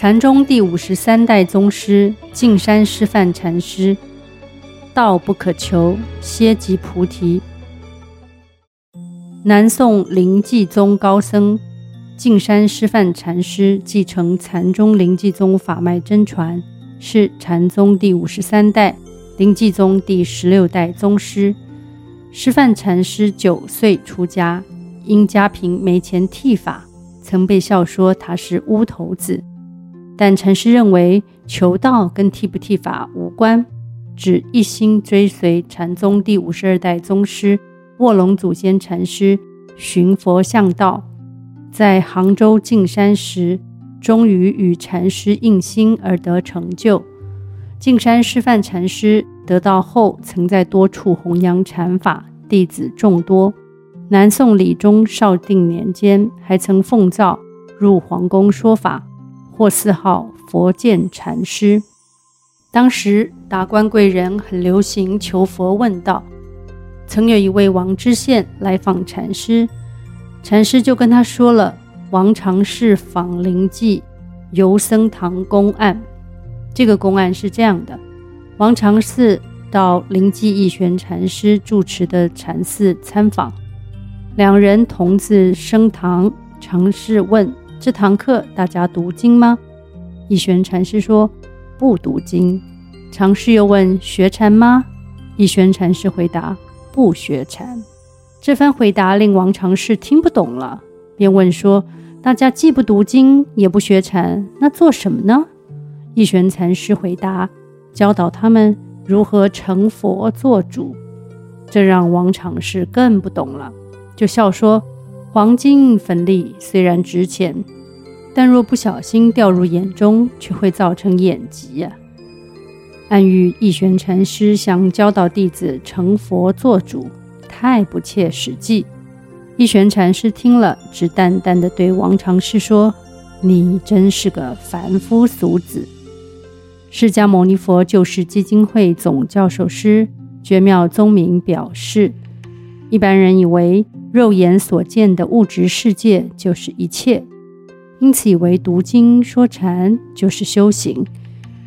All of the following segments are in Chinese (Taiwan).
禪宗第五十三代宗師徑山師範禪師，道不可求，歇即菩提。南宋臨濟宗高僧徑山師範禪師繼承禪宗臨濟宗法脈真傳，是禪宗第五十三代，臨濟宗第十六代宗師。師範禪師九歲出家，因家貧沒錢剃髮，曾被笑說他是烏頭子。但禪師認為，求道跟剃不剃髮無關，只一心追隨禪宗第五十二代宗師臥龍祖先禪師尋佛向道，在杭州徑山時，終於與禪師印心而得成就。徑山師範禪師得道後，曾在多處弘揚禪法，弟子眾多。南宋理宗紹定年間，還曾奉詔入皇宮說法。獲賜號佛鑑禪師，當時達官貴人很流行求佛問道。曾有一位王知縣來訪禪師，禪師就跟他說了王常侍訪臨濟遊僧堂公案。這個公案是這樣的：王常侍到臨濟義玄禪師住持的禪寺參訪，兩人同至僧堂，常侍問。這堂課大家讀經嗎？義玄禪師說，不讀經。常侍又問，學禪嗎？義玄禪師回答，不學禪。這番回答令王常侍聽不懂了，便問說：大家既不讀經，也不學禪，那做什麼呢？義玄禪師回答：教導他們如何成佛做主。這讓王常侍更不懂了，就笑說。黃金粉粒雖然值錢，但若不小心掉入眼中，卻會造成眼疾呀、啊。暗喻，義玄禪師想教導弟子成佛做主，太不切實際。義玄禪師聽了，只淡淡的對王常侍說：“你真是個凡夫俗子。”釋迦牟尼佛救世基金會總教授師，覺妙宗明表示，一般人以為。肉眼所見的物質世界就是一切，因此以為讀經說禪就是修行。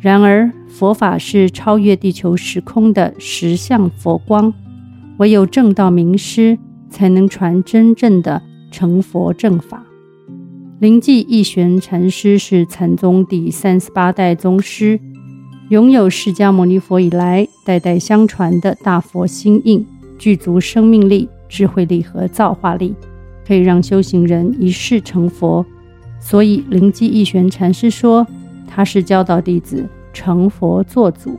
然而佛法是超越地球時空的實相佛光，唯有正道明師才能傳真正的成佛正法。臨濟義玄禪師是禪宗第三十八代宗師，擁有釋迦牟尼佛以來代代相傳的大佛心印，具足生命力。智慧力和造化力，可以讓修行人一世成佛。所以，臨濟義玄禪師說：“他是教導弟子成佛作祖，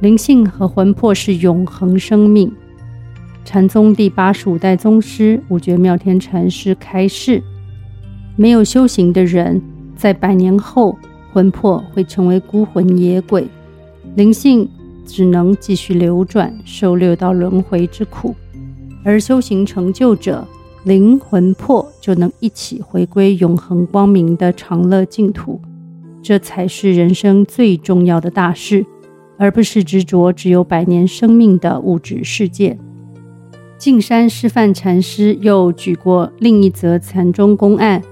靈性和魂魄是永恆生命。”禪宗第八十五代宗師悟覺妙天禪師開示：“沒有修行的人，在百年後魂魄會成為孤魂野鬼，靈性只能繼續流轉，受六道輪迴之苦。”而修行成就者，靈魂魄就能一起回歸永恆光明的長樂淨土，這才是人生最重要的大事，而不是執着只有百年生命的物質世界。徑山師範禪師又舉過另一則禪宗公案：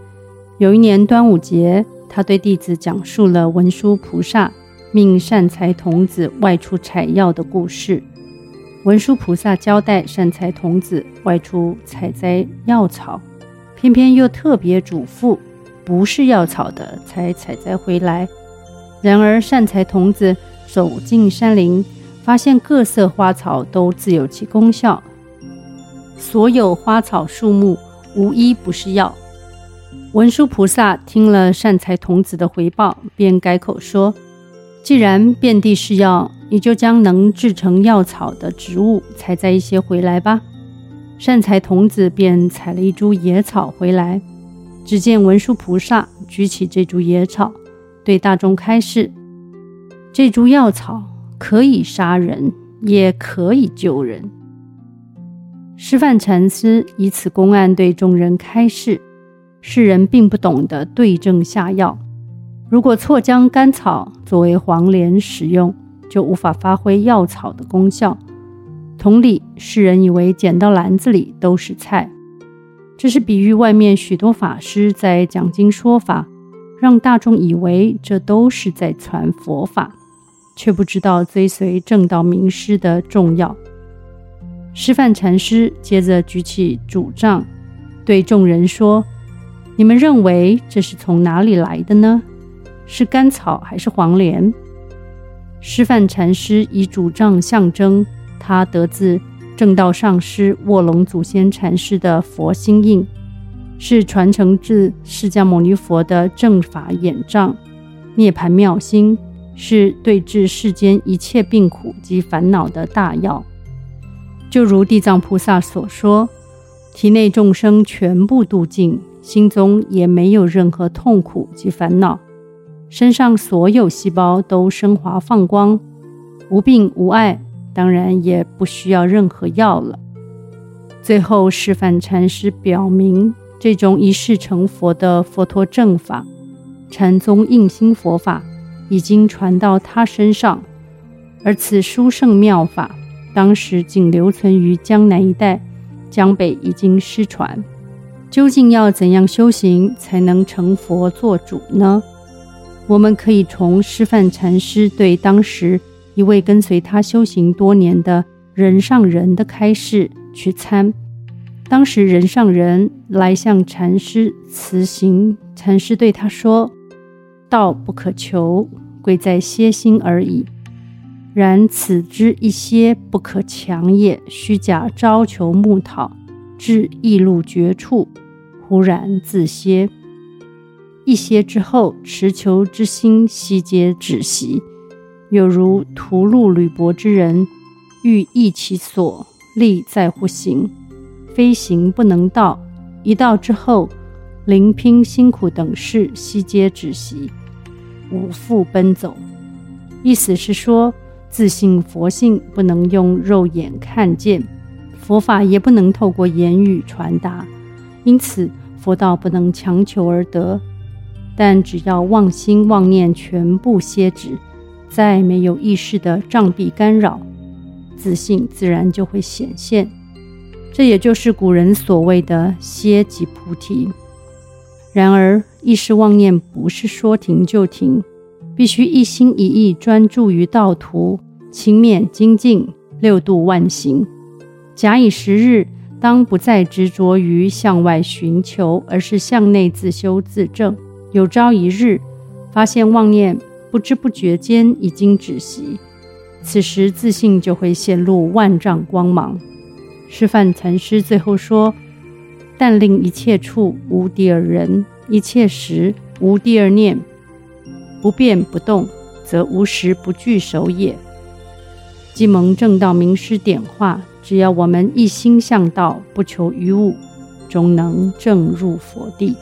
有一年端午節，他對弟子講述了文殊菩薩命善財童子外出採藥的故事。文殊菩薩交代善財童子外出採摘藥草，偏偏又特別囑咐，不是藥草的才採摘回來。然而善財童子走進山林，發現各色花草都自有其功效，所有花草樹木無一不是藥。文殊菩薩聽了善財童子的回報，便改口說。既然遍地是藥，你就將能制成藥草的植物採摘一些回來吧。善財童子便採了一株野草回來。只見文殊菩薩舉起這株野草，對大眾開示：這株藥草可以殺人，也可以救人。師範禪師以此公案對眾人開示：世人並不懂得對症下藥。如果錯將甘草作為黃連使用，就無法發揮藥草的功效。同理，世人以為撿到籃子裡都是菜，這是比喻外面許多法師在講經說法，讓大眾以為這都是在傳佛法，卻不知道追隨正道名師的重要。師範禪師接着舉起拄杖，對眾人說：“你們認為這是從哪裡來的呢？”是甘草還是黃連？師範禪師以拄杖象徵，他得自正道上師臥龍祖先禪師的佛心印，是傳承至釋迦牟尼佛的正法眼藏，涅槃妙心，是對治世間一切病苦及煩惱的大藥。就如地藏菩薩所說，體內眾生全部度盡，心中也沒有任何痛苦及煩惱。身上所有細胞都升華放光，無病無礙，當然也不需要任何藥了。最後，師範禪師表明，這種一世成佛的佛陀正法，禪宗印心佛法，已經傳到他身上。而此殊勝妙法，當時僅留存於江南一帶，江北已經失傳。究竟要怎樣修行才能成佛做主呢？我們可以從師範禪師對當時一位跟隨他修行多年的人上人的開示去參。當時人上人來向禪師辭行，禪師對他說：“道不可求，貴在歇心而已。然此之一歇，不可強也。虛假朝求暮討，至異路絕處，忽然自歇。”一歇之後，持求之心悉皆止息，有如屠戮履薄之人，欲益其所，利在乎行，非行不能到。一到之後，臨拼辛苦等事悉皆止息，無復奔走。意思是說，自性佛性不能用肉眼看見，佛法也不能透過言語傳達，因此佛道不能強求而得。但只要妄心妄念全部歇止，再沒有意識的障蔽干擾，自信自然就會顯現。這也就是古人所謂的“歇即菩提”。然而，意識妄念不是說停就停，必須一心一意專注於道途，勤勉精進，六度萬行。假以時日，當不再執着於向外尋求，而是向內自修自證。有朝一日，發現妄念不知不覺間已經止息，此時自信就會陷入萬丈光芒。師範禪師最後說：“但令一切處無第二人，一切時無第二念，不變不動，則無時不懼守也。”既蒙正道明師點化，只要我們一心向道，不求於物，終能證入佛地。